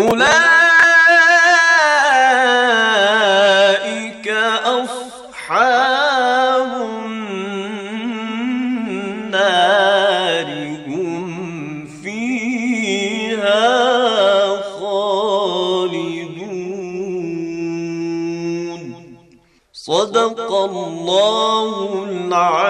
أولئك أصحاب النار هم فيها خالدون صدق الله العظيم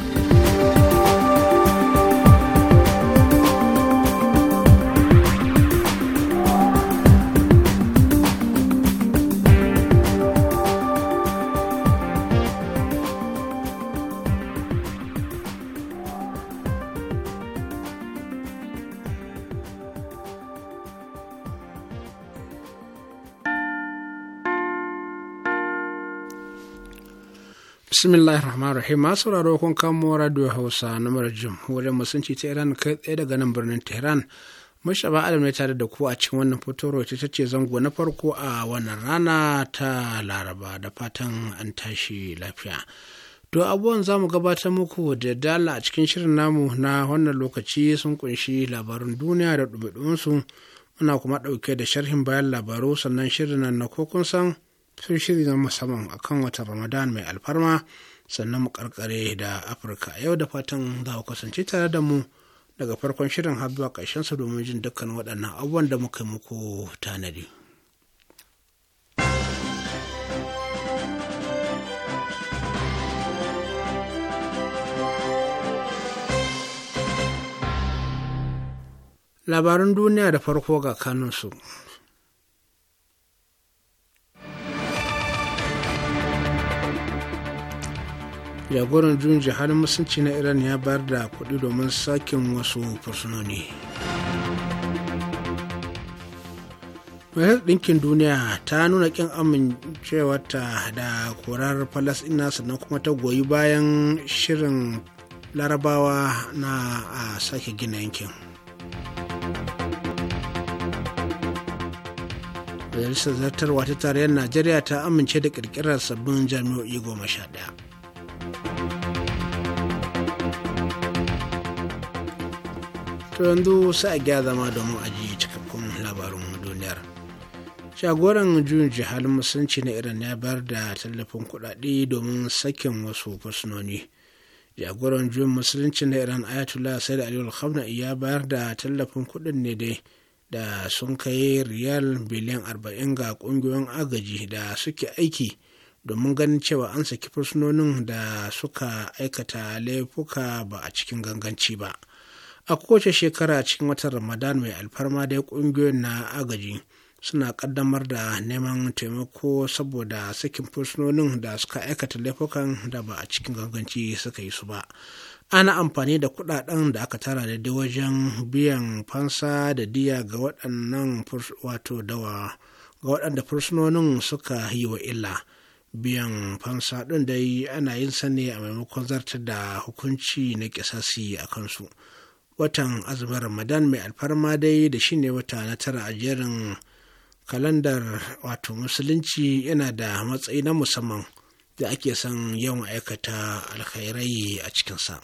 bismillahir rahmanir rahim masu sauraro kun radio hausa na mara jamhuriyar musulunci ta iran kai tsaye daga nan birnin tehran mashaba adam ne tare da ku a cikin wannan fitowar ta ce zango na farko a wannan rana ta laraba da fatan an tashi lafiya to abubuwan za mu gabatar muku da dala a cikin shirin namu na wannan lokaci sun kunshi labarun duniya da su muna kuma ɗauke da sharhin bayan labaru sannan shirin nan na kokun san Sun shiri na musamman akan watan ramadan mai alfarma sannan mu karkare da afirka yau da fatan za ku kasance tare da mu daga farkon shirin har zuwa ƙarshen su domin jin dukkan waɗannan abubuwan da muka muku tanadi. Labaran duniya da farko ga kanunsu. jagoran juyin jihalin musulunci na iran ya bayar da kuɗi domin sakin wasu fursunoni majalisar ɗinkin duniya ta nuna kin amincewarta da korar falasɗina sannan kuma ta goyi bayan shirin larabawa na a sake gina yankin majalisar zartarwa ta tarayyar najeriya ta amince da ƙirƙirar sabbin jami'o'i goma sha ɗaya to yanzu sa a gya zama domin ajiye cikakkun labarin duniyar shagoran juyin jihar musulunci na iran ya bayar da tallafin kuɗaɗe domin sakin wasu fursunoni jagoran juyin musulunci na iran ayatollah said ali al Al-Khamna ya bayar da tallafin kuɗin ne dai da sun kai riyal biliyan arba'in ga ƙungiyoyin agaji da suke aiki domin ganin cewa an saki fursunonin da suka aikata laifuka ba a cikin ganganci ba a kowace shekara cikin watan ramadan mai alfarma dai ƙungiyoyin na agaji suna ƙaddamar da neman taimako saboda sakin fursunonin da suka aikata laifukan da ba a cikin ganganci suka yi su ba ana amfani da kudaden da aka tara da wajen biyan fansa da diya ga waɗannan waɗanda fursunonin suka yi wa illa biyan fansa ɗin dai ana yin sa ne a maimakon zartar da hukunci na kisasi a kansu watan azumin ramadan mai alfarma dai da shine wata na tara a jerin kalandar wato musulunci yana da matsayi na musamman da ake son yawan aikata alkhairai a cikinsa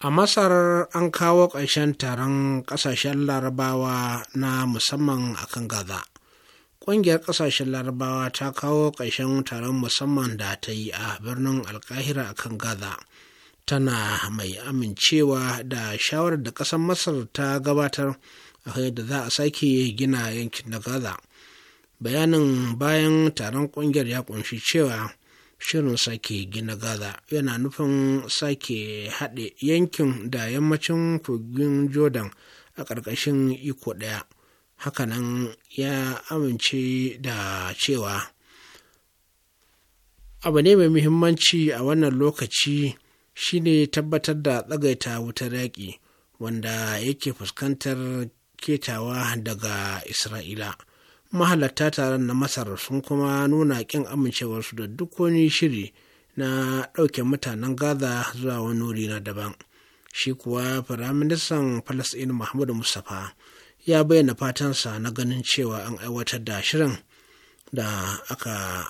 a masar an kawo ƙarshen taron ƙasashen larabawa na musamman akan gaza ƙungiyar ƙasashen larabawa ta kawo ƙarshen taron musamman da ta yi a birnin alkahira a kan gaza tana mai amincewa da shawarar da ƙasar masar ta gabatar a da za a sake gina yankin na gaza bayanin bayan taron ƙungiyar ya ƙunshi cewa shirin sake gina gaza yana nufin sake haɗe yankin da yammacin kogin jordan a ƙarƙashin iko ɗaya hakanan ya amince da cewa abu ne mai muhimmanci a wannan lokaci shine tabbatar da tsagaita wutar yaƙi wanda yake fuskantar ketawa daga isra'ila mahalarta taron na masar sun kuma nuna ƙin amincewarsu da duk wani shiri na ɗauke mutanen gaza zuwa wani wuri na daban shi kuwa firaministan falasɗin mahmud mustapha ya bayyana fatansa na ganin cewa an aiwatar da shirin da aka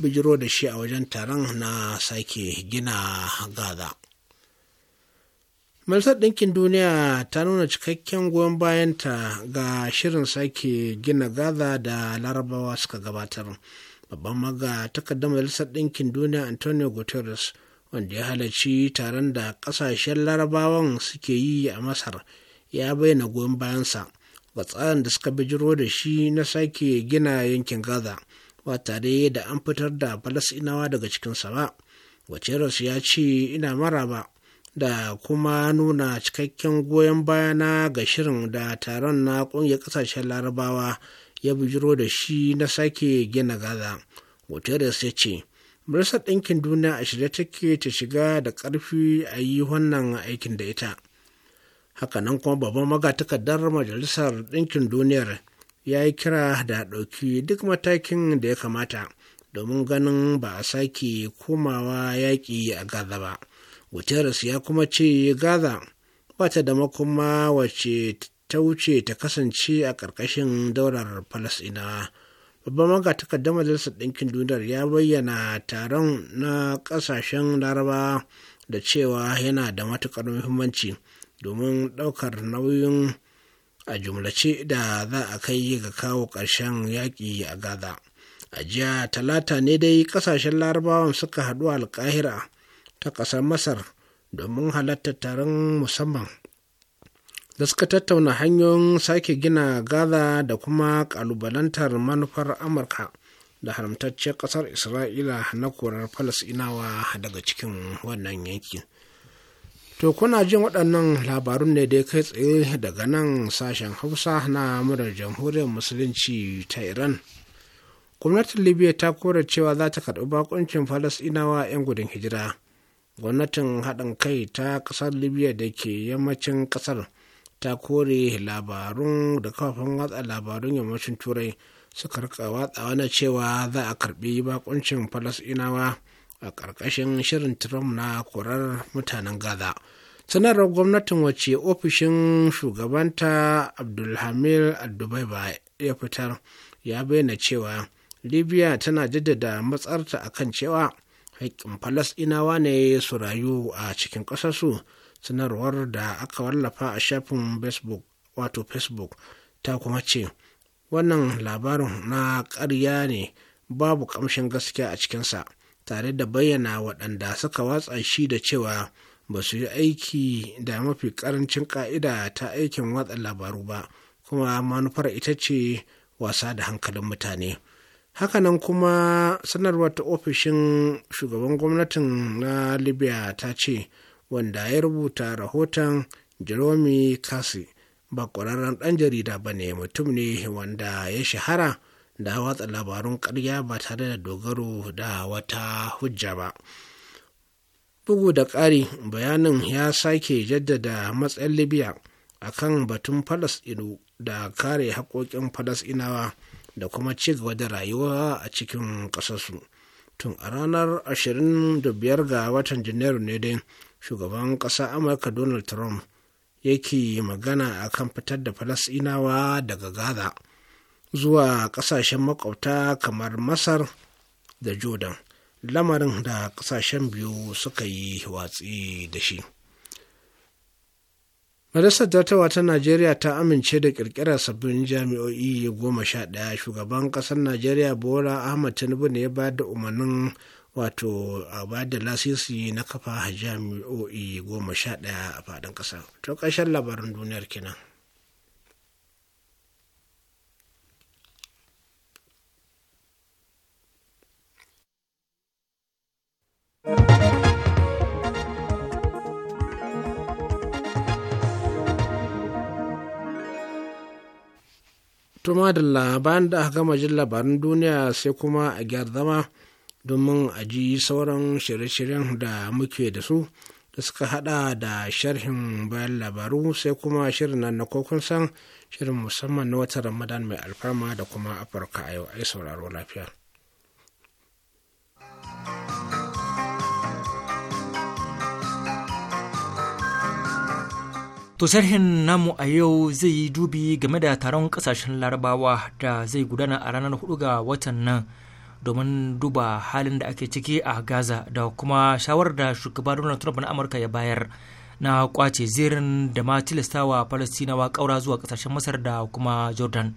bijiro da shi a wajen taron na sake gina gaza majalisar ɗinkin duniya ta nuna cikakken goyon bayanta ga shirin sake gina gaza da larabawa suka gabatar babban maga takardar majalisar ɗinkin duniya antonio guterres wanda ya halarci taron da ƙasashen larabawan suke yi a masar ya bayyana goyon bayansa ga tsarin da suka bijiro da shi na sake gina yankin gaza ba tare da an fitar da falasinawa daga cikinsa ba rasu ya ce ina maraba da kuma nuna cikakken goyon bayana ga shirin da taron na ƙungiyar ƙasashen larabawa ya bijiro da shi na sake gina gaza guterres ya ce majalisar ɗinkin duniya a shirye take ta shiga da ƙarfi a yi wannan aikin da ita hakanan kuma babban magatakardar majalisar ɗinkin duniyar ya yi kira da ɗauki duk matakin da ya kamata domin ganin ba a sake komawa yaƙi a gaza ba guterres ya kuma ce gaza ba ta da makoma wace ta wuce ta kasance a ƙarƙashin daular Falasɗina? babban magatakardar majalisar ɗinkin duniyar ya bayyana taron na ƙasashen laraba da cewa yana da matuƙar muhimmanci. domin ɗaukar nauyin a jumlace da za a kai ga kawo ƙarshen yaƙi a gaza a jiya talata ne dai ƙasashen larabawan suka haɗu alƙahira ta ƙasar masar domin halartar taron musamman da suka tattauna hanyoyin sake gina gaza da kuma ƙalubalantar manufar amurka da haramtacciyar ƙasar isra'ila na korar falasinawa daga cikin wannan yankin To kuna jin waɗannan labarun ne da kai tsaye daga nan sashen Hausa na murar jamhuriyar Musulunci ta Iran. Gwamnatin Libya ta kora cewa za ta karɓi bakuncin Falasɗinawa 'yan gudun hijira. Gwamnatin haɗin kai ta ƙasar Libya da ke yammacin ƙasar ta kore labarun da kafafen watsa labarun yammacin Turai suka rika watsa wani cewa za a karɓi bakuncin Falasɗinawa. a ƙarƙashin shirin trump na korar mutanen gaza sanarwar gwamnatin wace ofishin shugabanta abdulhamil ba ya fitar ya bayyana cewa libya tana jaddada matsarta a kan cewa haƙƙin falasɗinawa ne su rayu a cikin ƙasarsu sanarwar da aka wallafa a shafin facebook wato facebook ta kuma ce wannan labarin na ƙarya ne babu ƙamshin gaskiya a cikinsa tare da bayyana waɗanda suka watsa shi da cewa ba su yi aiki da mafi ƙarancin ƙa'ida ta aikin watsa labaru ba kuma manufar ita ce wasa da hankalin mutane hakanan kuma sanarwar ta ofishin shugaban gwamnatin na libya ta ce wanda ya rubuta rahoton jerome kasi ba ƙwararren ɗan jarida ba ne mutum ne wanda ya shahara da watsa labarun ƙarya ba tare da dogaro da wata hujja ba bugu da ƙari bayanin ya sake jaddada matsayin libya kan batun falasɗinu da kare haƙoƙin falasɗinawa da kuma cigaba da rayuwa a cikin ƙasarsu tun a ranar 25 ga watan janairu ne dai shugaban ƙasa amurka donald trump yake magana a kan fitar da falasɗinawa daga gaza zuwa ƙasashen makwabta kamar masar da jordan lamarin da ƙasashen biyu suka yi watsi da shi Majalisar Dattawa ta Najeriya ta amince da ƙirƙirar sabbin jami'o'i goma sha ɗaya. Shugaban ƙasar Najeriya Bola Ahmad Tinubu ne ya ba da umarnin wato a ba da lasisi na kafa jami'o'i goma sha ɗaya a faɗin ƙasa. To ƙarshen labarin duniyar kenan. to madalla bayan da aka gama jin labaran duniya sai kuma a gyar zama domin a ji sauran shirye-shiryen da muke da su da suka hada da sharhin bayan labaru sai kuma shirin nan na kokon san shirin musamman na watan ramadan mai alfarma da kuma afirka a yau ai sauraro lafiya. To sharhin namu a yau zai yi dubi game da taron kasashen larabawa da zai gudana a ranar 4 ga watan nan domin duba halin da ake ciki a Gaza da kuma shawarar da shugaba Donald Trump na Amurka ya bayar na kwace zirin da ma tilastawa Falastinawa ƙaura zuwa kasashen Masar da kuma Jordan.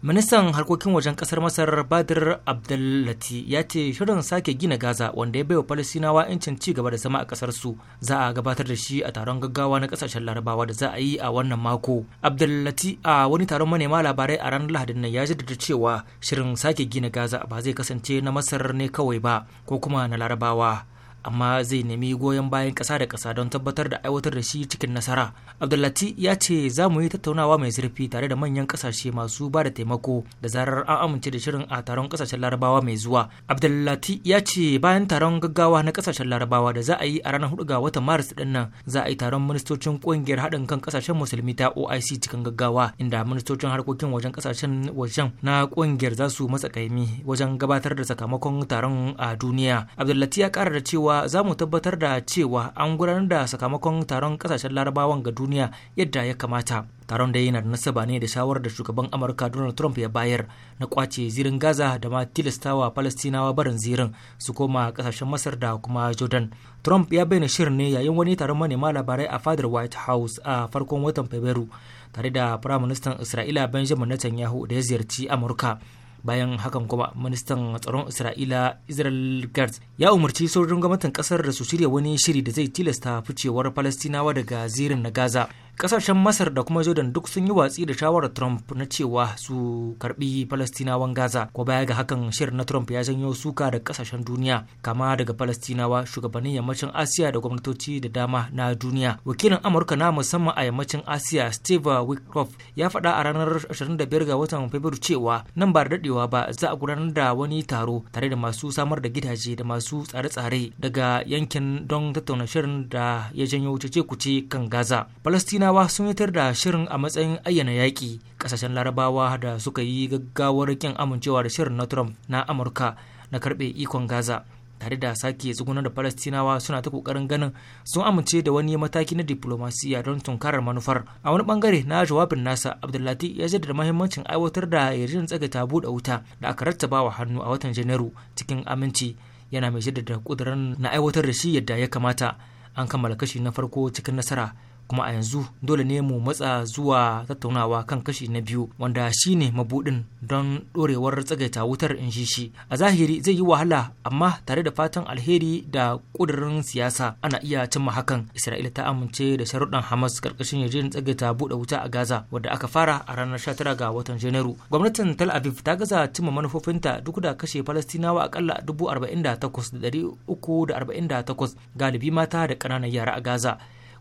ministan harkokin wajen kasar masar badir abdullati ya ce shirin sake gina gaza wanda ya baiwa falasinawa incin ci gaba da zama a kasar su za a gabatar da shi a taron gaggawa na kasashen larabawa da za a yi a wannan mako abdullati a wani taron manema labarai a ranar lahadin nan ya jaddada cewa shirin sake gina gaza ba zai kasance na masar ne kawai ba ko kuma na larabawa amma zai nemi goyon bayan ƙasa da kasa don tabbatar da aiwatar da shi cikin nasara abdullati ya ce za mu yi tattaunawa mai zurfi tare da manyan kasashe masu ba da taimako da zarar an amince da shirin a taron kasashen larabawa mai zuwa abdullati ya ce bayan taron gaggawa na kasashen larabawa da za a yi a ranar 4 ga watan maris ɗin nan za a yi taron ministocin ƙungiyar haɗin kan ƙasashen musulmi ta oic cikin gaggawa inda ministocin harkokin wajen ƙasashen wajen na ƙungiyar za su matsa kaimi wajen gabatar da sakamakon taron a duniya abdullati ya kara da cewa cewa za mu tabbatar da cewa an gudanar da sakamakon taron kasashen larabawan ga duniya yadda ya kamata taron da yana da nasaba ne da shawarar da shugaban amurka donald trump ya bayar na kwace zirin gaza da ma tilastawa palestinawa barin zirin su koma kasashen masar da kuma jordan trump ya bayyana shirin ne yayin wani taron manema labarai a fadar white house a farkon watan fabrairu tare da firaministan isra'ila benjamin netanyahu da ya ziyarci amurka bayan hakan kuma ministan tsaron isra'ila israel gertz ya umarci sojojin gwamnatin kasar da su shirya wani shiri da zai tilasta ficewar falastinawa daga zirin na gaza kasashen masar da kuma jordan duk sun yi watsi da shawarar trump na cewa su karbi falastinawan gaza ko baya ga hakan shirin na trump ya janyo suka da kasashen duniya kama daga falastinawa shugabannin yammacin asiya da gwamnatoci da dama na duniya wakilin amurka na musamman a yammacin asiya steve wickoff ya faɗa a ranar 25 ga watan fabrairu cewa nan ba da dadewa ba za a gudanar da wani taro tare da masu samar da gidaje da masu tsare-tsare daga yankin don tattauna shirin da ya janyo cece kuce kan gaza falastinawa Iraniyawa sun tar da shirin a matsayin ayyana yaƙi ƙasashen larabawa da suka yi gaggawar kin amincewa da shirin na Trump na Amurka na karɓe ikon Gaza tare da sake tsugunar da Falastinawa suna ta kokarin ganin sun amince da wani mataki na diplomasiya don tunkarar manufar. A wani bangare na jawabin nasa Abdullati ya jaddada mahimmancin aiwatar da yarjejen tsagaita buɗe wuta da aka rattaba wa hannu a watan Janairu cikin aminci yana mai jaddada kudurin na aiwatar da shi yadda ya kamata. An kammala kashi na farko cikin nasara kuma a yanzu dole ne mu matsa zuwa tattaunawa kan kashi na biyu wanda shine mabudin don dorewar tsagaita wutar in shi shi a zahiri zai yi wahala amma tare da fatan alheri da kudurin siyasa ana iya cimma hakan isra'ila ta amince da sharuɗan hamas karkashin yajin tsagaita buɗe wuta a gaza wadda aka fara a ranar 19 ga watan janairu gwamnatin tel aviv ta gaza cimma manufofinta duk da kashe falastinawa akalla 48,348 galibi mata da ƙananan yara a gaza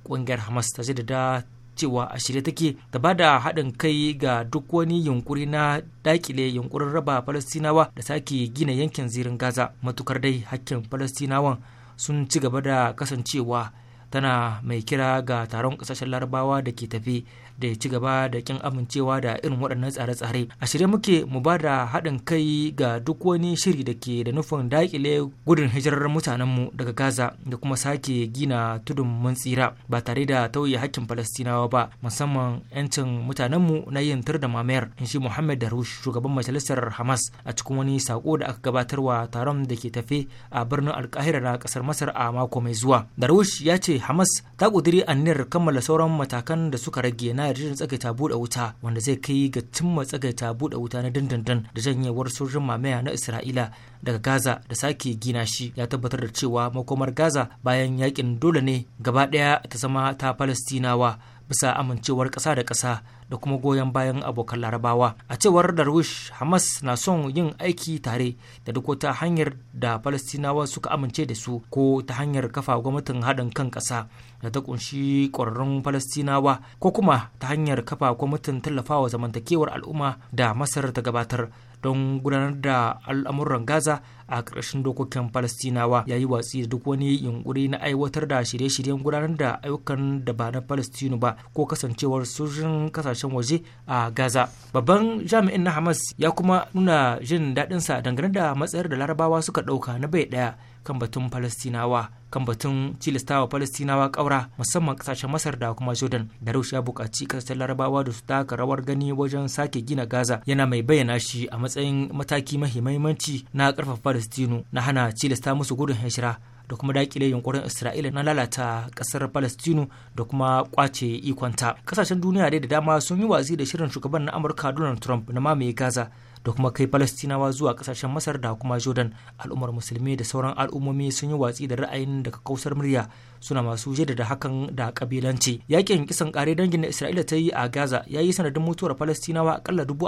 ƙungiyar hamas ta da cewa a shirye take ta bada haɗin kai ga duk wani yunkuri na dakile yunkurin raba falastinawa da sake gina yankin zirin gaza matukar dai hakkin falastinawan sun ci gaba da kasancewa tana mai kira ga taron ƙasashen larabawa da ke tafi da ya ci gaba da kin amincewa da irin waɗannan tsare-tsare a shirye muke mu ba da haɗin kai ga duk wani shiri da ke da nufin daƙile gudun hijirar mutanenmu daga gaza da kuma sake gina tudun mun tsira ba tare da tauye hakkin falastinawa ba musamman 'yancin mutanenmu na yin tur da mamayar in shi muhammad darush shugaban majalisar hamas a cikin wani sako da aka gabatarwa taron da ke tafe a birnin alkahira na kasar masar a mako mai zuwa darush ya ce hamas ta ƙudiri aniyar kammala sauran matakan da suka rage na yarjejeniyar tsagaita buɗe wuta wanda zai kai ga cimma tsagaita buɗe wuta na dandandan da janyewar sojin mamaya na Isra'ila daga Gaza da sake gina shi ya tabbatar da cewa makomar Gaza bayan yakin dole ne gaba ɗaya ta zama ta Falastinawa bisa amincewar ƙasa da ƙasa da kuma goyon bayan abokan larabawa a cewar darwish hamas na son yin aiki tare da duk wata hanyar da falastinawa suka amince da su ko ta hanyar kafa gwamnatin haɗin kan ƙasa da ta ƙunshi ƙwararrun falastinawa ko kuma ta hanyar kafa gwamnatin tallafawa zamantakewar al'umma da masar ta gabatar don gudanar da al'amuran gaza a ƙarshen dokokin palestinawa ya yi watsi da duk wani yunkuri na aiwatar da shirye-shiryen gudanar da ayyukan da ba na falastinu ba ko kasancewar sojin kasashen waje a gaza babban jami'in na hamas ya kuma nuna jin daɗinsa dangane da matsayar da larabawa suka ɗauka na bai ɗaya kan batun falastinawa kan batun cilistawa falastinawa ƙaura musamman ƙasashen masar da kuma jordan da rush ya buƙaci ƙasashen larabawa da su taka rawar gani wajen sake gina gaza yana mai bayyana shi a matsayin mataki mahimmanci na ƙarfafa falastinu na hana cilista musu gudun hijira da kuma dakile yunkurin Isra'ila na lalata ƙasar Falastinu da kuma kwace ikonta. Kasashen duniya dai da dama sun yi watsi da shirin shugaban na Amurka Donald Trump na mamaye Gaza da kuma kai falastinawa zuwa kasashen masar da kuma jordan al'ummar musulmi da sauran al'ummomi sun yi watsi da ra'ayin daga kausar murya suna masu jaddada hakan da kabilanci yakin kisan kare dangin na isra'ila ta yi a gaza ya yi sanadin mutuwar falastinawa akalla dubu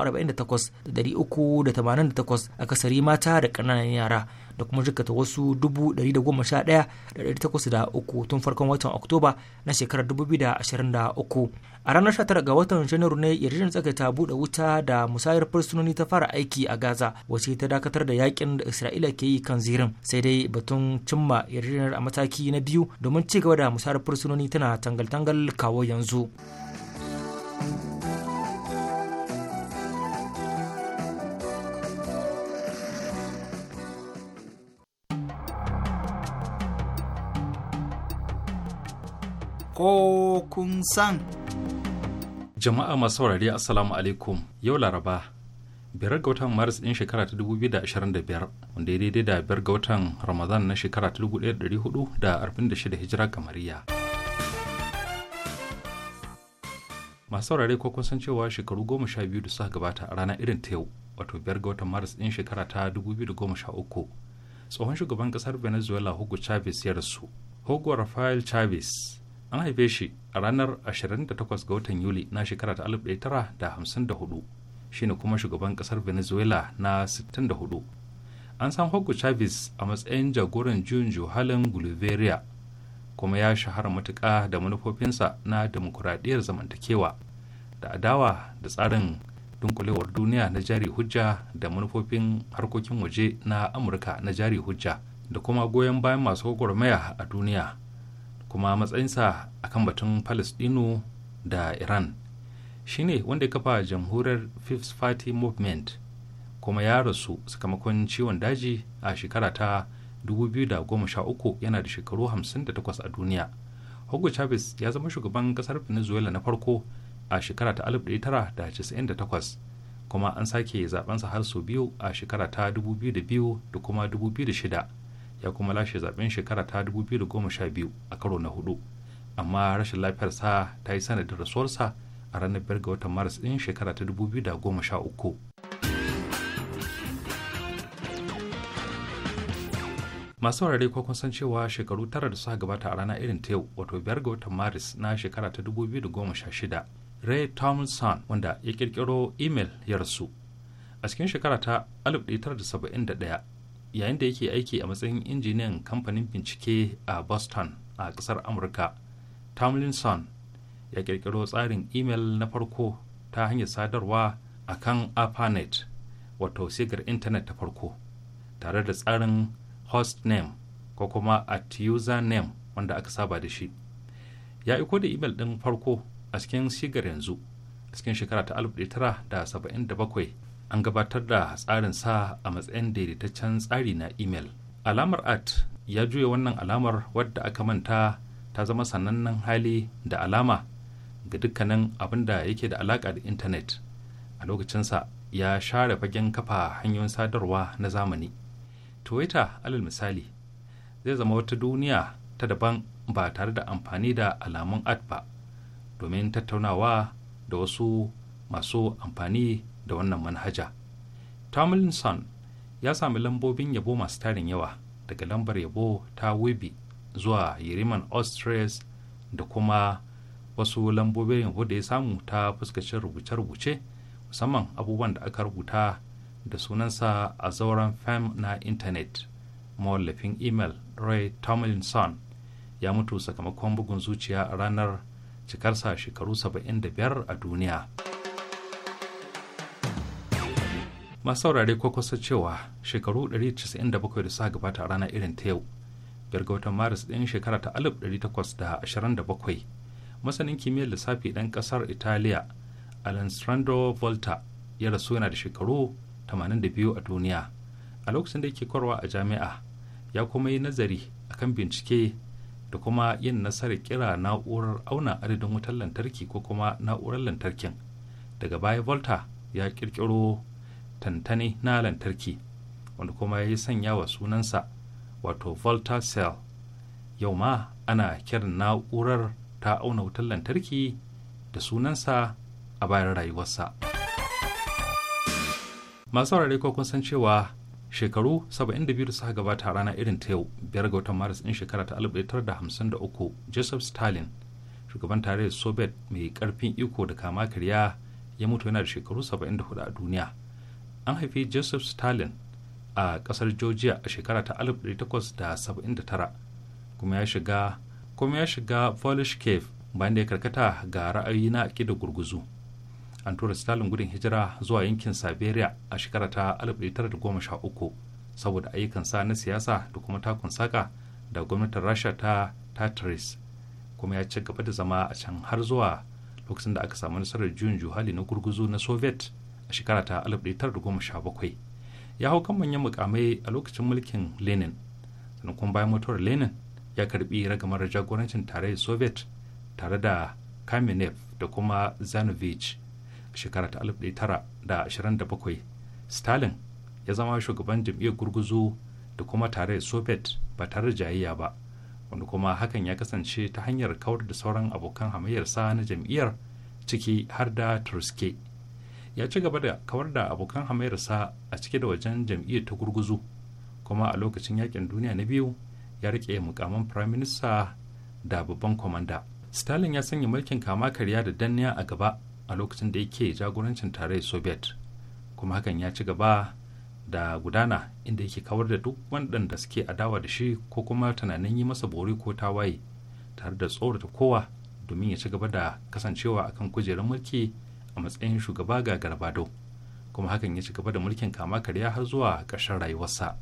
da akasari mata da ƙananan yara da kuma jikata wasu 111,803 tun farkon watan oktoba na shekarar 2023 a ranar 19 ga watan janairu ne yarjejen tsakaita buɗe wuta da musayar fursunoni ta fara aiki a gaza wace ta dakatar da yakin da isra'ila ke yi kan zirin sai dai batun cimma yarjejen a mataki na biyu domin ci gaba da musayar fursunoni tana tangal-tangal kawo yanzu. ko kun san. Jama'a masu saurari Assalamu alaikum yau Laraba. biyar ga watan maris ɗin shekara ta 2025 wanda ya daidai da biyar ga watan ramadan na shekara ta 1446 hijira kamariya masu saurari ko kun san cewa shekaru goma sha biyu da suka gabata a ranar irin ta yau wato biyar ga watan maris ɗin shekara ta 2013 tsohon shugaban ƙasar venezuela hugo chavez ya rasu hugo rafael chavez an haife shi a ranar 28 ga watan yuli na shekara ta 1954 shine kuma shugaban kasar venezuela na 64 an san hugo chavez a matsayin jagoran juyin juhalin guliveria kuma ya shahara matuƙa da manufofinsa na demokuraɗiyar zamantakewa da adawa da tsarin dunkulewar duniya na jari hujja da manufofin harkokin waje na amurka na jari hujja da kuma goyon bayan masu gwagwarmaya a duniya kuma matsayinsa a kan batun palestino da iran shi ne wanda ya kafa jamhuriyar fifth party movement kuma ya rasu sakamakon ciwon daji a shekara ta 2013 yana da shekaru 58 a duniya hugo chavez ya zama shugaban kasar venezuela na farko a shekara ta 1998 kuma an sake sa har sau biyu a shekara ta 2002 da kuma 2006 ya kuma lashe zaben shekara ta 2012 a karo na hudu amma rashin lafiyarsa ta yi sanadin rasuwarsa a ranar 5 ga watan maris ɗin shekara ta 2013 masu warare ko kun san cewa shekaru tara da suka gabata a rana irin ta yau wato biyar ga watan maris na shekara ta 2016 ray thompson wanda ya kirkiro imel ya rasu a cikin shekara ta 1971 yayin da yake aiki a matsayin injiniyan kamfanin bincike a boston a kasar amurka tomlinson ya kirkiro tsarin imel na farko ta hanyar sadarwa a kan apanet wato sigar intanet ta farko tare da tsarin hostname ko kuma at username wanda aka saba da shi ya iko da imel ɗin farko a cikin sigar yanzu a cikin shekara ta 1977 an gabatar da tsarin sa a matsayin daidaitaccen tsari na imel alamar at ya juya wannan alamar wadda aka manta ta zama sanannen hali da alama ga dukkanin abin da yake da alaƙa da intanet a lokacinsa ya share fagen kafa hanyoyin sadarwa na zamani twitter alal misali zai zama wata duniya ta daban ba tare da amfani da alamun at ba domin tattaunawa da wasu masu amfani da wannan manhaja tomlinson ya sami lambobin yabo masu tarin yawa daga lambar yabo ta wibi zuwa yeriman Ostres da kuma wasu lambobin yabo da ya samu ta fuskacin rubuce-rubuce musamman abubuwan da aka rubuta da sunansa a zauren fam na intanet mawallafin imel ray tomlinson ya mutu sakamakon bugun zuciya a ranar cikarsa shekaru 75 a duniya. masu saurare ko kusa cewa shekaru 197 da suka gabata a rana irin ta yau ga watan maris ɗin shekara ta 1827 masanin kimiyyar lissafi ɗan ƙasar italiya alessandro volta ya rasu yana da shekaru 82 a duniya a lokacin da yake korwa a jami'a ya kuma yi nazari a kan bincike da kuma yin nasarar kira na'urar auna adadin wutar lantarki ko kuma na'urar lantarkin daga baya volta ya kirkiro tantane na lantarki wanda kuma ya yi sanya wa sunansa wato volta cell yau ma ana kiran na'urar ta auna wutar lantarki da sunansa a bayan rayuwarsa masu saurare ko kun san cewa shekaru 72 da suka gabata rana irin ta yau biyar ga watan maris din shekara ta 1953 joseph stalin shugaban tarayyar soviet mai karfin iko da kama karya ya mutu yana da shekaru 74 a duniya an haifi joseph stalin a kasar georgia a shekara ta 1879 kuma ya shiga kuma ya shiga polish cave bayan da ya karkata ga ra'ayi na da gurguzu an tura stalin gudun hijira zuwa yankin siberia a shekara ta 1913 saboda ayyukansa na siyasa da kuma takun saka da gwamnatin rasha ta tatris kuma ya ci gaba da zama a can har zuwa lokacin da aka samu nasarar juyin juhali na gurguzu na soviet a shekara ta 1917 ya hau kan manyan mukamai a lokacin mulkin lenin sannan bayan mutuwar lenin ya karbi ragamar jagorancin tarayyar soviet tare da kamenev da kuma zanovich a shekara ta 1927 stalin ya zama shugaban jam'iyyar gurguzu da kuma tarayyar soviet ba tare da jayayya ba wanda kuma hakan ya kasance ta hanyar kawar da sauran abokan hamayyarsa na jam'iyyar ciki har da turske ya ci gaba da kawar da abokan hamayarsa a cike da wajen jam'iyyar ta gurguzu kuma a lokacin yakin duniya na biyu ya rike mukamin firaminista da babban kwamanda stalin ya sanya mulkin kama karya da danniya a gaba a lokacin da yake jagorancin tarayyar soviet kuma hakan ya ci gaba da gudana inda yake kawar da duk waɗanda suke adawa da shi ko kuma tunanin yi masa bori ko tawaye tare da tsorata kowa domin ya ci gaba da kasancewa akan kujerar mulki a matsayin shugaba ga garbado kuma hakan ya ci gaba da mulkin kama karya har zuwa ƙarshen rayuwarsa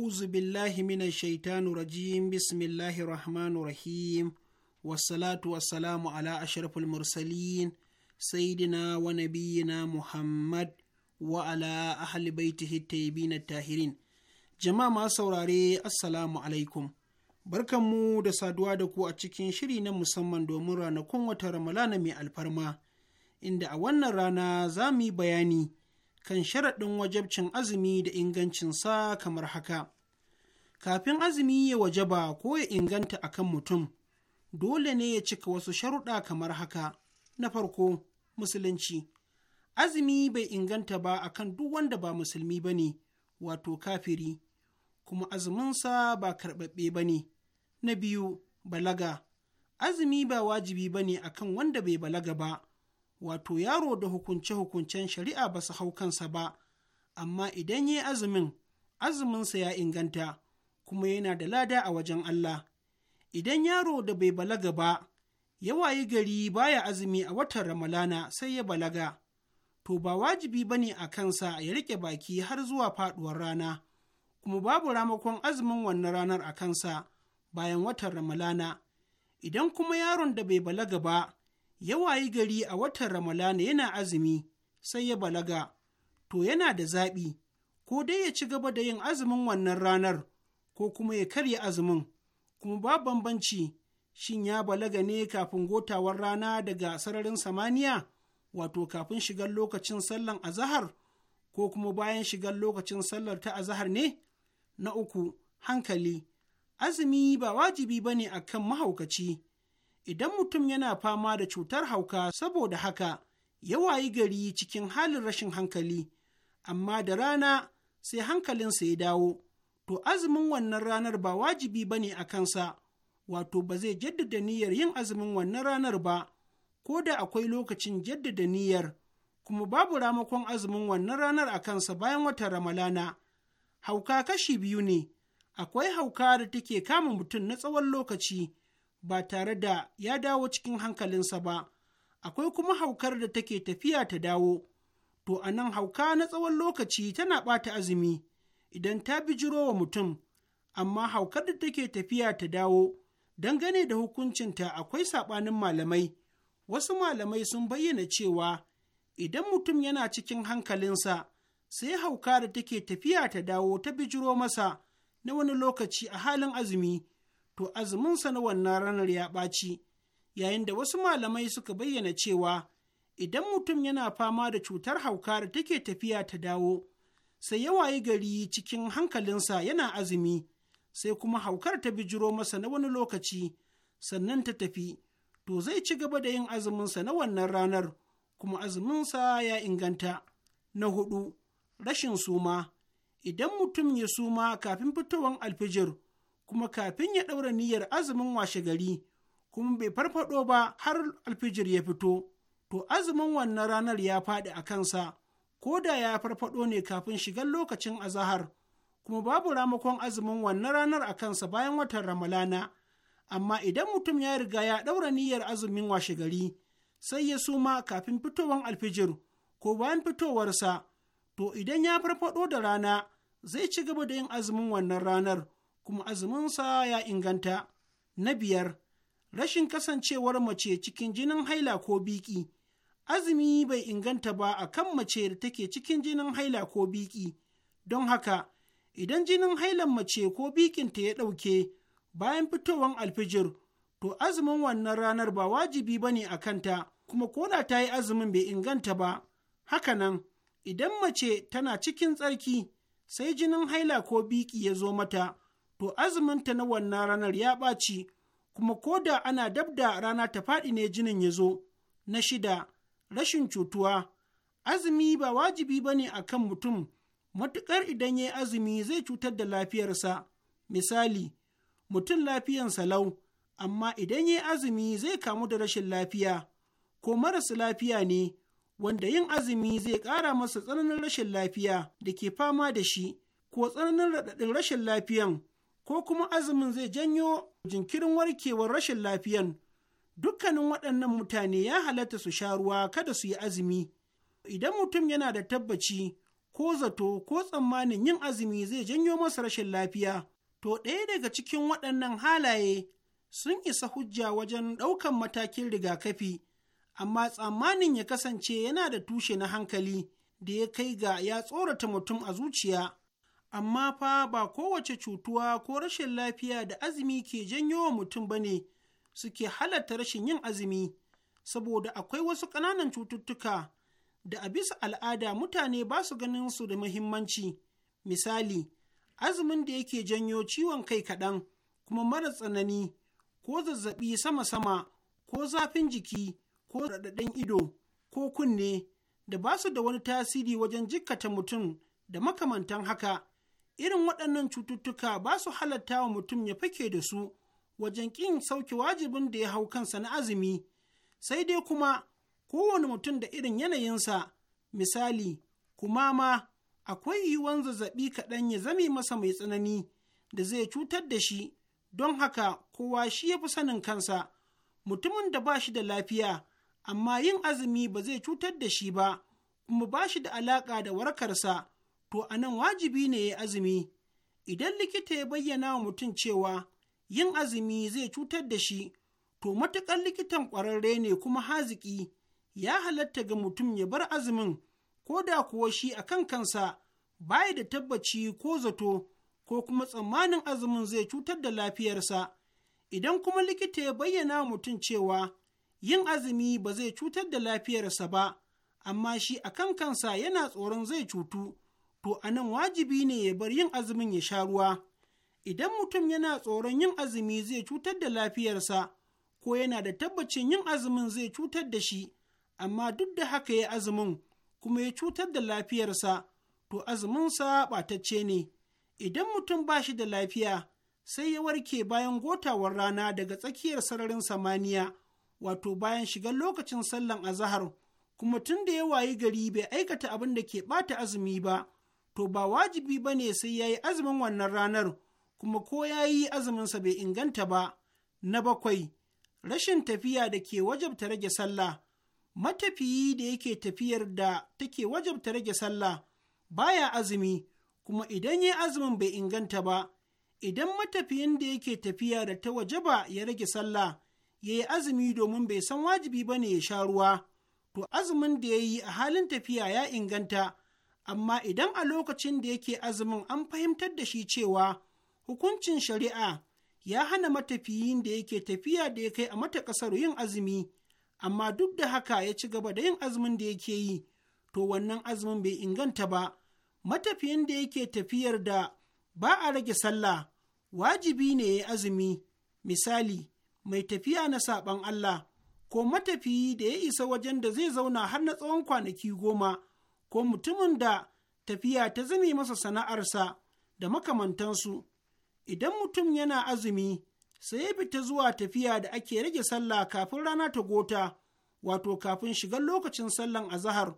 a'uzu mina shaitanu rajim bismillahi rahmanu rahim wasalatu wasalamu ala ashrafil mursalin saidina wa nabiyina muhammad wa ala ahli baitihi tayyibin tahirin jama'a ma saurare assalamu alaikum mu da saduwa da ku a cikin shiri na musamman domin ranakun wata ramalana mai alfarma inda a wannan rana za mu yi bayani kan sharaɗin wajabcin azumi da ingancinsa kamar haka. Kafin azumi ya wajaba ko ya inganta akan mutum, dole ne ya cika wasu sharuɗa kamar haka. Na farko, Musulunci. Azumi bai inganta ba akan duk wanda ba musulmi ba ne, wato kafiri, kuma azuminsa ba karɓaɓɓe ba ne. Na biyu, balaga. Azumi ba wajibi ba ne akan wanda bai balaga ba. wato yaro da hukunce-hukuncen shari'a ba su hau kansa ba, amma idan yi azumin, azuminsa ya inganta, kuma yana da lada a wajen Allah. Idan yaro da bai balaga ba, ya wayi gari baya azumi a watan Ramalana sai ya balaga, to ba wajibi ba ne a kansa ya riƙe baki har zuwa faɗuwar rana, kuma babu ramakon azumin wannan ranar a kansa bayan watan Ramalana. Idan kuma yaron da bai balaga ba, ya wayi gari a watan Ramalana yana azumi sai ya balaga, to yana da zaɓi, ko dai ya ci gaba da yin azumin wannan ranar, ko kuma ya karya azumin, kuma ba bambanci shin ya balaga ne kafin gotawar rana daga sararin samaniya, wato kafin shigar lokacin sallan azahar, ko kuma bayan shigar lokacin sallar ta azahar ne? Na uku, hankali, azumi ba wajibi ba ne a mahaukaci. idan mutum yana fama da cutar hauka saboda haka ya wayi gari cikin halin rashin hankali amma da rana sai hankalinsa ya dawo to azumin wannan ranar ba wajibi ba ne a kansa wato ba zai jaddada niyyar yin azumin wannan ranar ba ko da akwai lokacin jaddada niyyar kuma babu ramakon azumin wannan ranar a kansa bayan watan ramalana hauka kashi biyu ne akwai hauka da take kama mutum na tsawon lokaci ba tare da ya dawo cikin hankalinsa ba, akwai kuma haukar da take tafiya ta dawo, to a nan hauka na tsawon lokaci tana ɓata azumi idan ta bijiro wa mutum, amma haukar da take tafiya ta dawo dangane da hukuncinta akwai saɓanin malamai. Wasu malamai sun bayyana cewa idan mutum yana cikin hankalinsa, sai hauka da take tafiya ta dawo ta bijiro masa na wani lokaci a halin azumi. to azumin sa na wannan ranar ya ɓaci, yayin da wasu malamai suka bayyana cewa idan mutum yana fama da cutar hauka da take tafiya ta dawo, sai ya wayi gari cikin hankalinsa yana azumi, sai kuma haukar ta bijiro masa na wani lokaci, sannan ta tafi, to zai ci gaba da yin azuminsa na wannan ranar, kuma azuminsa ya inganta. Na hudu, rashin suma. Idan mutum ya suma kafin fitowar alfijir, kuma kafin ya ɗaura niyyar azumin washe gari kuma bai farfaɗo ba har alfijir ya fito to azumin wannan ranar ya faɗi a kansa ko da ya farfaɗo ne kafin shigar lokacin azahar kuma babu ramakon azumin wannan ranar a kansa bayan watan ramalana amma idan mutum ya riga ya ɗaura niyyar azumin washe gari sai ya suma kafin fitowar alfijir ko bayan fitowarsa to idan ya farfaɗo da rana zai ci gaba da yin azumin wannan ranar kuma azuminsa ya inganta. Na biyar, rashin kasancewar mace cikin jinin haila ko biki. Azumi bai inganta ba a kan mace da take cikin jinin haila ko biki. Don haka, idan jinin hailan mace ko bikinta ya ɗauke bayan fitowar alfijir, to azumin wannan ranar ba wajibi ba ne a kanta, kuma koda ta yi azumin bai inganta ba. Haka nan, idan mace tana cikin tsarki, sai jinin haila ko biki ya zo mata, to azuminta na wannan ranar ya ɓaci, kuma ko da ana dabda rana ta faɗi ne jinin ya zo. Na shida, rashin cutuwa, azumi ba wajibi ba ne a kan mutum, matuƙar idan ya yi azumi zai cutar da lafiyarsa. Misali, mutum lafiyansa lau, amma idan ya yi azumi zai kamu da rashin lafiya, ko maras lafiya ne, wanda yin azumi zai ƙara masa tsananin rashin lafiya da ke fama da shi, ko tsananin raɗaɗin rashin lafiyan ko kuma azumin zai janyo jinkirin warkewar rashin lafiyan dukkanin waɗannan mutane ya halatta su sha ruwa kada su yi azumi idan mutum yana da tabbaci ko zato ko tsammanin yin azumi zai janyo masa rashin lafiya to ɗaya daga cikin waɗannan halaye sun isa hujja wajen ɗaukan matakin rigakafi amma tsammanin ya kasance yana da tushe na hankali da ya kai ga ya tsorata mutum a zuciya amma fa ba kowace cutuwa ko rashin lafiya da azumi ke janyo wa mutum ba ne suke halatta rashin yin azumi, saboda akwai wasu ƙananan cututtuka da a bisa al'ada mutane ba su ganin su da muhimmanci. Misali, azumin da yake janyo ciwon kai kaɗan, kuma mara tsanani, ko zazzaɓi sama-sama, ko zafin jiki, ko raɗaɗin ido, ko kunne, da ba su da wani tasiri wajen jikkata mutum da makamantan haka. irin waɗannan cututtuka ba su halatta wa mutum ya fake da su wajen ƙin sauke wajibin da ya hau kansa na azumi sai dai kuma kowane mutum da irin yanayinsa misali kuma ma akwai yiwuwan zazzaɓi kaɗan ya zame masa mai tsanani da zai cutar da shi don haka kowa shi ya fi sanin kansa mutumin da ba shi da lafiya amma yin azumi ba zai cutar da shi ba kuma ba shi da alaƙa da warkarsa to a nan wajibi ne ya azumi, idan likita ya bayyana wa mutum cewa yin azumi zai cutar da shi, to matuƙar likitan ƙwararre ne kuma haziki ya halatta ga mutum ya bar azumin, ko da kuwa shi a kan kansa baya da tabbaci ko zato ko kuma tsammanin azumin zai cutar da lafiyarsa. Idan kuma likita ya bayyana wa mutum cewa yin azumi ba zai cutar da lafiyarsa ba, amma shi a kan kansa yana tsoron zai cutu. to anan wajibi ne ya bar yin azumin ya sha ruwa. Idan mutum yana tsoron yin azumi zai cutar da lafiyarsa, ko yana da tabbacin yin azumin zai cutar da shi, amma duk da haka ya azumin kuma ya cutar da lafiyarsa, to azuminsa batacce ne. Idan mutum ba shi da lafiya, sai ya warke bayan gotawar rana daga tsakiyar sararin samaniya, wato bayan shigar lokacin sallan azahar, kuma tun da ya wayi gari bai aikata abin da ke ɓata azumi ba. to ba wajibi ba ne sai ya yi azumin wannan ranar, kuma ko ya yi azuminsa bai inganta ba. Na bakwai, rashin tafiya da ke wajabta rage sallah. Matafiyi da yake tafiyar da take wajabta rage sallah baya azumi, kuma idan ya azumin bai inganta ba, idan matafiyin da yake tafiya da ta waje ba ya rage sallah, ya yi azumi domin bai san wajibi ba ne ya sha ruwa, to azumin da ya yi a halin tafiya ya inganta. amma idan a lokacin da yake azumin an fahimtar da shi cewa hukuncin shari'a ya hana matafiyin da yake tafiya da ya kai a mata ƙasar yin azumi amma duk da haka ya ci gaba da yin azumin da yake yi to wannan azumin bai inganta ba matafiyin da yake tafiyar da ba a rage sallah wajibi ne ya azumi misali mai tafiya na saɓan Allah ko matafiyi da ya isa wajen da zai zauna har na tsawon kwanaki goma ko mutumin da tafiya ta zame masa sana'arsa da makamantansu idan mutum yana azumi sai ya fita zuwa tafiya da ake rage sallah kafin rana ta gota wato kafin shigar lokacin sallan azahar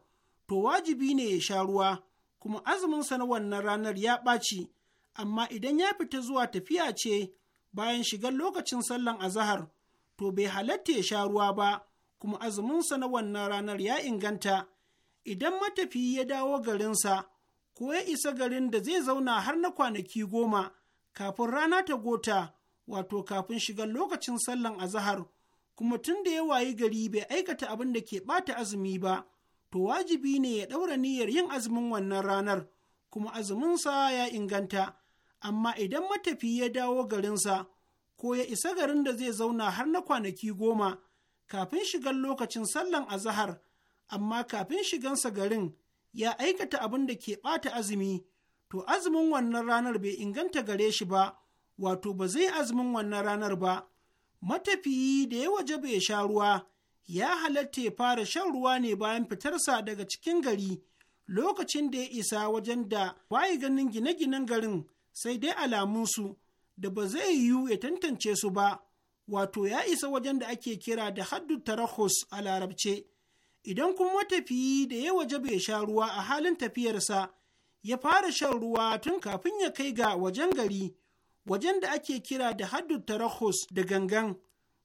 to wajibi ne ya sha ruwa kuma azuminsa na wannan ranar ya ɓaci amma idan ya fita zuwa tafiya ce bayan shigar lokacin sallan azahar to bai halatta ya sha ruwa ba kuma azuminsa na wannan ranar ya inganta idan matafiyi ya dawo garinsa ko ya isa garin da zai zauna har na kwanaki goma kafin rana ta gota wato kafin shigar lokacin sallan azahar kuma tun da ya wayi gari bai aikata abin da ke bata azumi ba to wajibi ne ya ɗaura niyyar yin azumin wannan ranar kuma azuminsa ya inganta amma idan matafi ya dawo garinsa ko ya isa garin da zai zauna har na kwanaki goma kafin shigar lokacin sallan azahar amma kafin shigansa garin ya aikata abin da ke ɓata azumi, to azumin wannan ranar bai inganta gare shi ba, wato ba zai azumin wannan ranar ba. Matafiyi da ya waje bai sha ruwa, ya halatta ya fara shan ruwa ne bayan fitarsa daga cikin gari, lokacin da ya isa wajen da bayi ganin gine-ginen garin sai dai alamunsu da ba zai yiwu ya tantance su ba, wato ya isa wajen da ake kira da haddu tarahus a larabce. Idan kuma matafiyi da ya waje bai sha ruwa a halin tafiyarsa, ya fara shan ruwa tun kafin ya kai ga wajen gari, wajen da ake kira da haddu tarahus da gangan,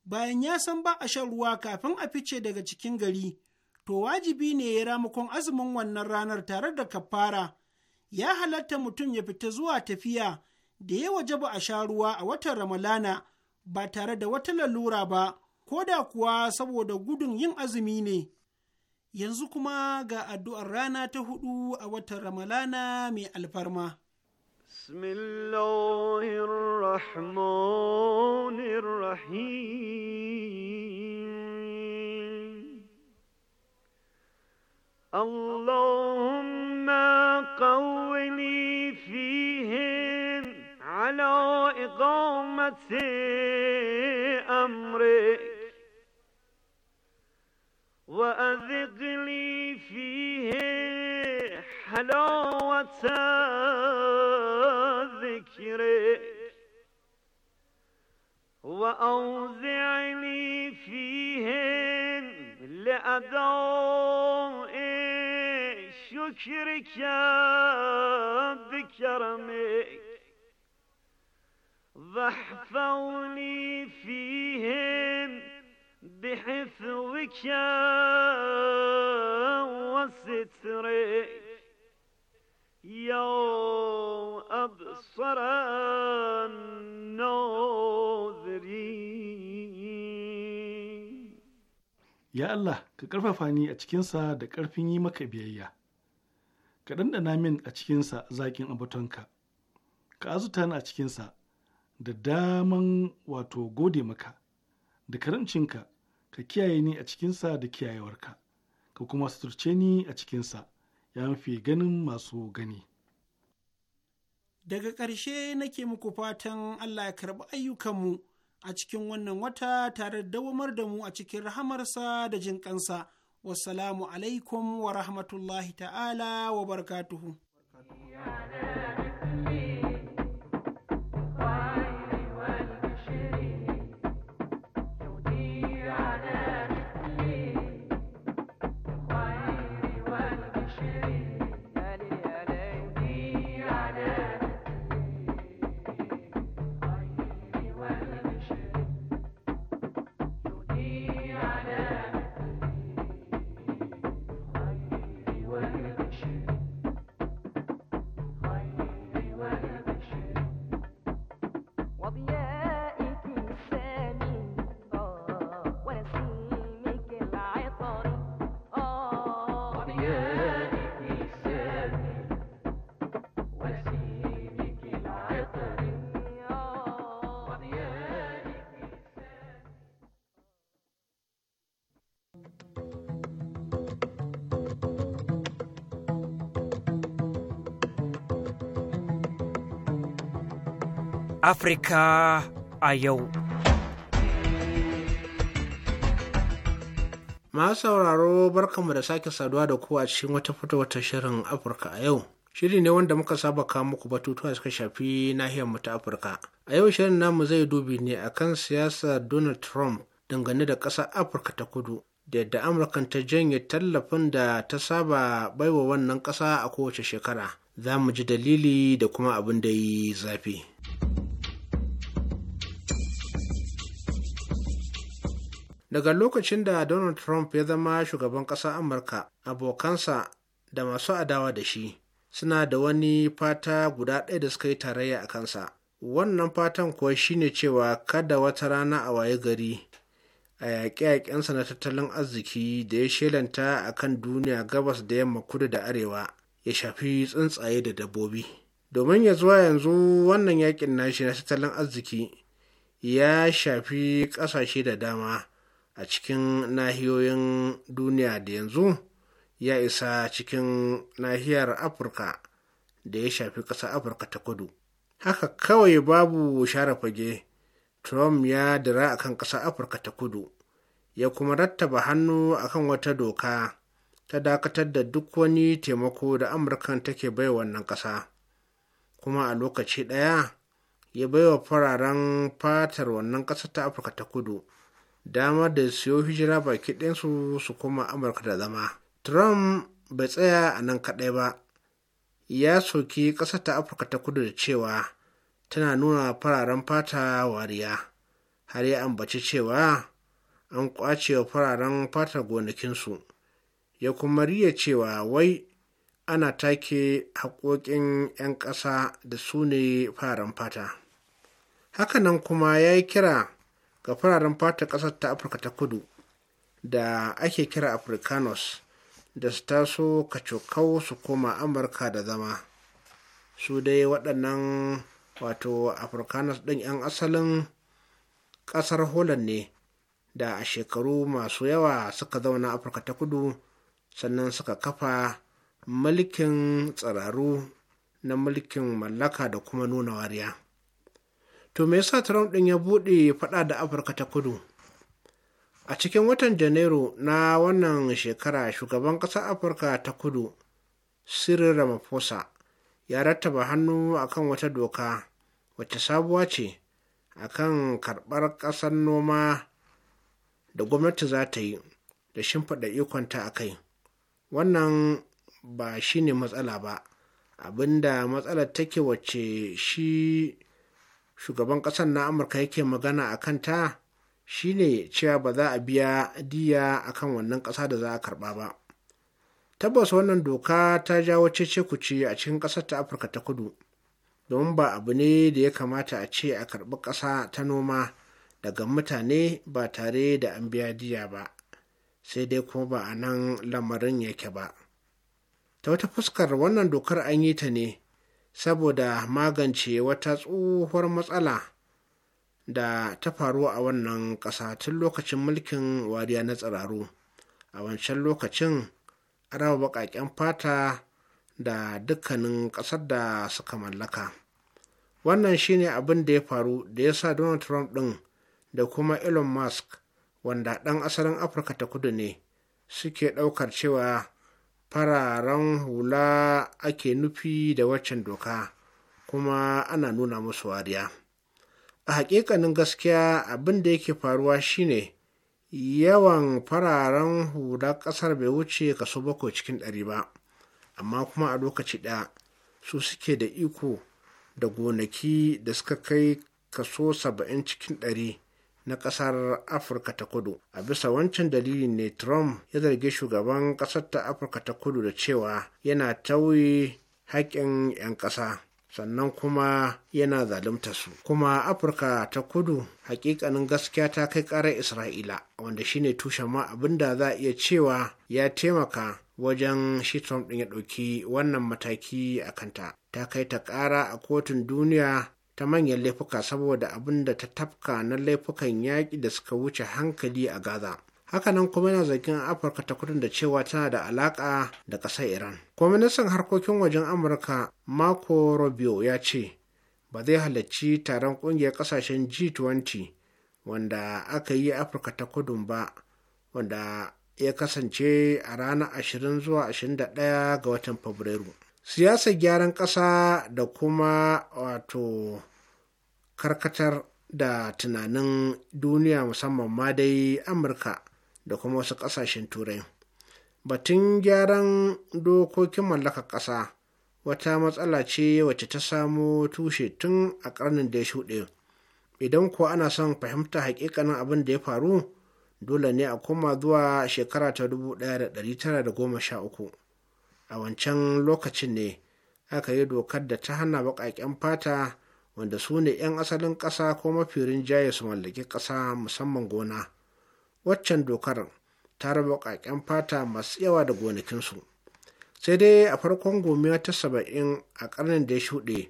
bayan ya san ba a shan ruwa kafin a fice daga cikin gari, to wajibi ne ya ramakon azumin wannan ranar tare da kafara. Ya halatta mutum ya fita zuwa tafiya da ya waje ba a sha ruwa a watan Ramalana ba tare da wata lalura ba, ko da kuwa saboda gudun yin azumi ne. yanzu kuma ga addu'ar rana ta hudu a watan Ramalana mai alfarma. اللهم قولي فيهم على إقامة أمري حلاوة ذكرك وأوزعني فيهن لأداء شكرك بكرمك واحفظني فيهن بحفظك وسترك یا ya Allah ka ƙarfafa ni a cikinsa da ƙarfin yi maka biyayya ka ɗanɗana min a cikinsa zaƙin abatonka ka azuta ni a cikinsa da daman wato gode maka da karancinka ka kiyaye ni a cikinsa da kiyayewarka ka kuma suturce ni a cikinsa ya fi ganin masu gani. Daga ƙarshe nake muku fatan Allah ya karɓi ayyukanmu a cikin wannan wata tare da dawamar da mu a cikin rahamarsa da jin ƙansa. Wassalamu alaikum wa rahmatullahi ta'ala wa barakatuhu. Afirka a yau. Masu sauraro barkanmu da sake saduwa da kowa a cikin wata fito wata shirin Afirka a yau. Shiri ne wanda muka saba kawo muku batutuwa suka shafi nahiyar mu ta Afirka. A yau shirin namu zai dubi ne akan siyasa Donald Trump dangane da ƙasar Afirka ta kudu. Da yadda Amurkan ta janye tallafin da ta saba baiwa wannan ƙasa a kowace shekara. Za mu ji dalili da kuma abin da yi zafi. daga lokacin da donald trump ya zama shugaban ƙasar amurka abokansa da masu adawa da shi suna da wani fata guda ɗaya da suka yi tarayya a kansa wannan fatan kuwa shine cewa kada wata rana a waye gari a yaƙe-yaƙensa na tattalin arziki da ya shelanta a kan duniya gabas da yamma kudu da arewa ya shafi tsuntsaye da dabbobi domin ya zuwa yanzu wannan yaƙin nashi na tattalin arziki ya shafi ƙasashe da dama a cikin nahiyoyin duniya da yanzu ya isa cikin nahiyar afirka da ya shafi ƙasa afirka ta kudu haka kawai babu share fage trump ya dira akan ƙasa afirka ta kudu ya kuma rattaba hannu akan wata doka ta dakatar da duk wani taimako da amurka take bai wannan ƙasa kuma a lokaci ɗaya ya baiwa fararen fatar wannan ƙasa ta afirka ta kudu damar da siyo hijira baki ɗinsu su kuma amurka da zama trump bai tsaya a nan kaɗai ba ya soki ƙasar ta afirka ta kudu da cewa tana nuna fararen fata wariya har ya ambaci cewa an ƙwace wa fararen fata gonakinsu ya kuma riya cewa wai ana take haƙoƙin 'yan ƙasa da su ne fararen fata hakanan kuma ya yi kira ga fararen fata ƙasar ta afirka ta kudu da ake kira afrikanos da su taso kacokau su koma amurka da zama su dai waɗannan wato afrikanos ɗin 'yan asalin ƙasar holland ne da a shekaru masu yawa suka zauna afirka ta kudu sannan suka kafa mulkin tsiraru na mulkin mallaka da kuma nuna wariya To me yasa Trump ɗin ya buɗe faɗa da Afirka ta kudu? A cikin watan Janairu na wannan shekara shugaban ƙasar Afirka ta kudu Cyril Ramaphosa ya rattaba hannu akan wata doka wacce sabuwa ce akan karɓar ƙasar noma da gwamnati za ta yi da shimfiɗa ikonta a kai. Wannan ba shi ne matsala ba, abinda matsalar take wacce shi shugaban ƙasar na amurka yake magana a kanta shine cewa ba za a biya diya kan wannan ƙasa da za a karɓa ba tabbas wannan doka ta jawo cece kuce a cikin ƙasar ta afirka ta kudu domin ba abu ne da ya kamata a ce a karɓi ƙasa ta noma daga mutane ba tare da an biya diya ba sai dai kuma ba a nan lamarin yake ba ta wata fuskar wannan dokar an yi ta ne saboda magance wata tsohuwar matsala da ta faru a wannan ƙasa tun lokacin mulkin wariya na tsiraru a wancan lokacin araba raba baƙaƙen fata da dukkanin ƙasar da suka mallaka wannan shine abin da ya faru da ya sa donald trump ɗin da kuma elon musk wanda ɗan asalin afirka ta kudu ne suke ɗaukar cewa fararen hula ake nufi da waccan doka kuma ana nuna musu wariya a hakikanin gaskiya abin da yake faruwa shine yawan fararen hula kasar bai wuce kaso bakwai cikin ɗari ba amma kuma a lokaci ɗaya su suke da iko da gonaki da suka kai kaso saba'in cikin ɗari na ƙasar afirka ta kudu a bisa wancan dalilin ne trump ya zargi shugaban ƙasar ta afirka ta kudu da cewa yana tauye haƙƙin 'yan ƙasa sannan kuma yana zalunta su kuma afirka ta kudu hakikanin gaskiya ta kai ƙarar isra'ila wanda shine tushen ma abin da za a iya cewa ya taimaka wajen shi trump ɗin ya ɗauki wannan mataki a kanta ta kai ta ƙara a kotun duniya ta manyan laifuka saboda abin da ta tafka na laifukan yaƙi da suka wuce hankali a gaza hakanan kuma yana zargin afirka ta kudu da cewa tana da alaƙa da ƙasar iran kwamitin harkokin wajen amurka marco rubio ya ce ba zai halarci taron ƙungiyar ƙasashen g20 wanda aka yi afirka ta kudu ba wanda ya kasance a ranar 20 zuwa 21 ga watan fabrairu siyasar gyaran ƙasa da kuma wato karkatar da tunanin duniya musamman ma dai amurka da kuma wasu ƙasashen turai batun gyaran dokokin mallakar ƙasa wata matsala ce wacce ta samo tushe tun a ƙarnin da ya shuɗe idan kuwa ana son fahimta hakikanin abin da ya faru dole ne a koma zuwa shekara ta 1913 a wancan lokacin ne aka yi dokar da ta hana baƙaƙen fata wanda su ne 'yan asalin ƙasa ko mafi rinjaye su mallaki ƙasa musamman gona waccan dokar ta raba baƙaƙen fata masu yawa da gonakinsu sai dai a farkon gomiya ta saba'in a ƙarnin da ya shuɗe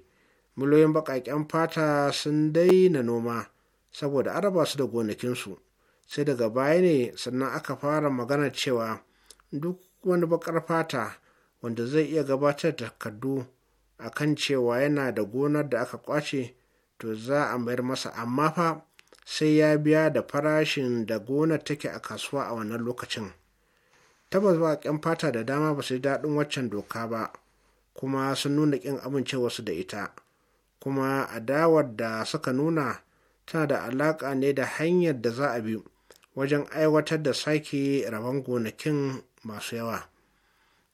miliyoyin baƙaƙen fata sun daina noma saboda an raba su da gonakinsu sai daga baya ne sannan aka fara magana cewa duk wani baƙar fata wanda zai iya gabatar da takardu a kan cewa yana da gonar da aka kwace to za a mayar masa amma fa sai ya biya da farashin da gonar take a kasuwa a wannan lokacin tabbas ba ƙyan fata da dama ba su yi daɗin waccan doka ba kuma sun nuna ƙin wasu da ita kuma adawar da suka nuna tana da alaƙa ne da hanyar da za a bi wajen aiwatar da sake rabon gonakin masu yawa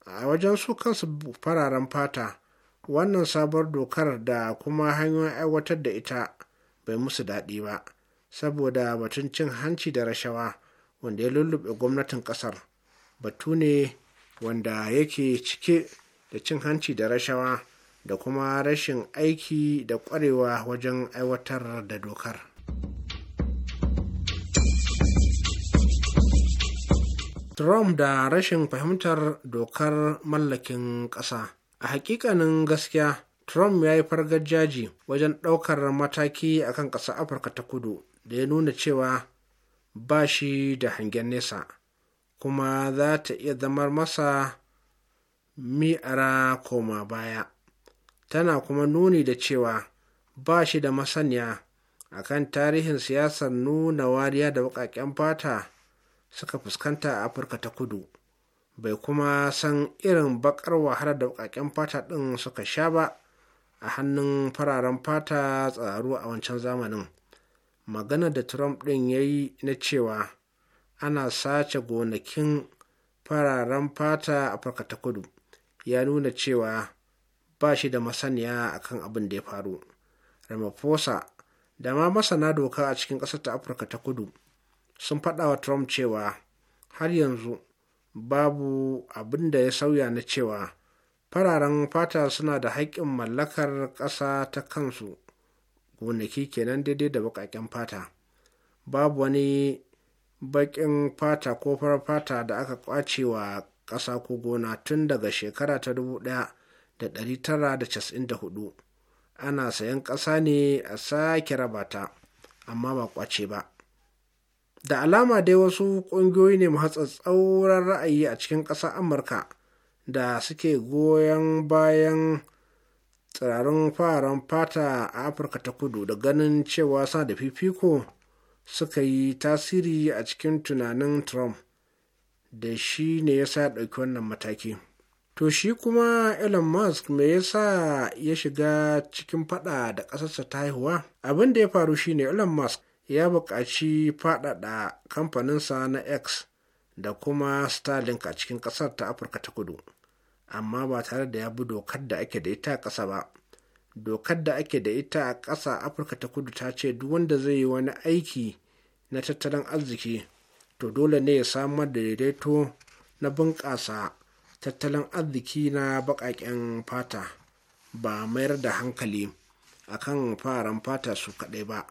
a wajen su kansu fararen fata wannan sabuwar dokar da kuma hanyoyin aiwatar da ita bai musu daɗi ba saboda batun cin hanci da rashawa wanda ya lullube gwamnatin ƙasar batu ne wanda yake cike da cin hanci da rashawa da kuma rashin aiki da ƙwarewa wajen aiwatar da dokar. Trump da rashin fahimtar dokar mallakin ƙasa. A hakikanin gaskiya, Trump ya yi fargajaji wajen ɗaukar mataki a kan ƙasar Afirka ta kudu da ya nuna cewa ba shi da hangen nesa, kuma za ta iya zamar masa mi'ara koma baya. Tana kuma nuni da cewa ba shi da masaniya a kan tarihin siyasar nuna wariya da baƙaƙen fata suka fuskanta a afirka ta kudu bai kuma san irin bakar wahala da bukaken fata ɗin suka sha ba a hannun fararen fata tsaro a wancan zamanin magana da trump ɗin ya yi na cewa ana sace gonakin fararen fata a afirka ta kudu ya nuna cewa ba shi da masaniya akan abin da ya faru ramaphosa da ma masana doka a cikin ƙasar ta afirka ta kudu sun faɗa wa trump cewa har yanzu babu abin da ya sauya na cewa fararen fata suna da haƙƙin mallakar ƙasa ta kansu gonaki kenan daidai da baƙaƙen fata babu wani baƙin fata ko farar fata da aka ƙwace wa ƙasa ko gona tun daga shekara ta 1994 ana sayan ƙasa ne a sake rabata amma ba ƙwace ba da alama dai wasu ƙungiyoyi ne masu tsauran ra'ayi a cikin ƙasar amurka da suke goyon bayan tsirarin fararen fata a afirka ta kudu da ganin cewa sa da fifiko suka yi tasiri a cikin tunanin trump da shi ne ya sa ɗauki wannan mataki to shi kuma elon musk me yasa ya shiga cikin fada da ƙasarsa ta haihuwa abin da ya faru shine elon musk ya buƙaci faɗaɗa kamfaninsa na x da kuma starlink a cikin ƙasar ta afirka ta kudu amma ba tare da ya bi dokar da ake da ita a ƙasa ba dokar da ake da ita a ƙasa afirka ta kudu ta ce duk wanda zai yi wani aiki na tattalin arziki to dole ne ya samar da daidaito na bunƙasa tattalin arziki na baƙaƙen fata ba mayar da hankali akan faran fata su kaɗai ba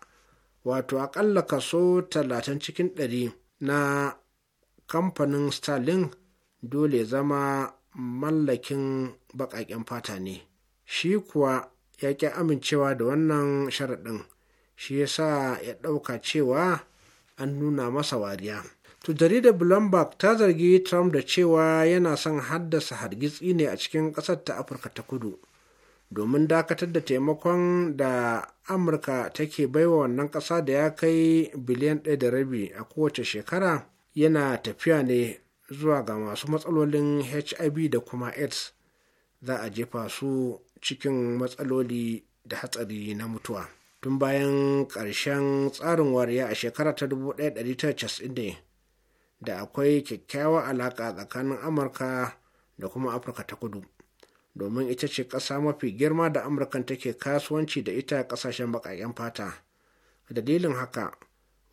wato akalla kaso 30 cikin 100 na kamfanin starlink dole zama mallakin baƙaƙen fata ne shi kuwa ya ƙi amincewa da wannan sharaɗin shi yasa ya ɗauka cewa an nuna masa wariya to jaridar bloomberg ta zargi trump da cewa yana son haddasa hargitsi ne a cikin ƙasar ta afirka ta kudu domin dakatar da taimakon da amurka take baiwa wannan ƙasa da ya kai biliyan ɗaya da rabi a kowace shekara yana tafiya ne zuwa ga masu matsalolin hiv da kuma aids za a jefa su cikin matsaloli da hatsari na mutuwa tun bayan ƙarshen tsarin wariya a shekara ta 1990 da akwai kyakkyawa alaƙa tsakanin amurka da kuma afirka ta kudu domin ita ce ƙasa mafi girma da amurkan take kasuwanci da ita ƙasashen baƙaƙen fata dalilin haka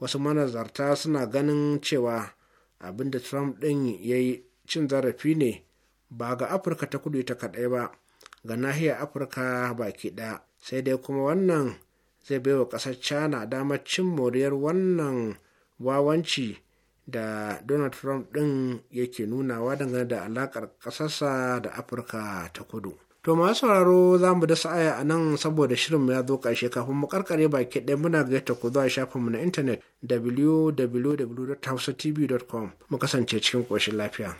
wasu manazarta suna ganin cewa abinda trump ɗin ya yi cin zarafi ne ba ga afirka ta kudu ita kaɗai ba ga nahiyar afirka baki ɗaya sai dai kuma wannan zai baiwa ƙasar china damar cin moriyar wannan wawanci da donald trump ɗin yake nunawa dangane da alaƙar ƙasarsa da afirka ta kudu to masu sauraro za mu da aya a nan saboda shirin ya zo ƙarshe kafin mu karkare baki ɗaya muna ta ku zuwa shafinmu na intanet www.hausatv.com mu kasance cikin ƙoshin lafiya.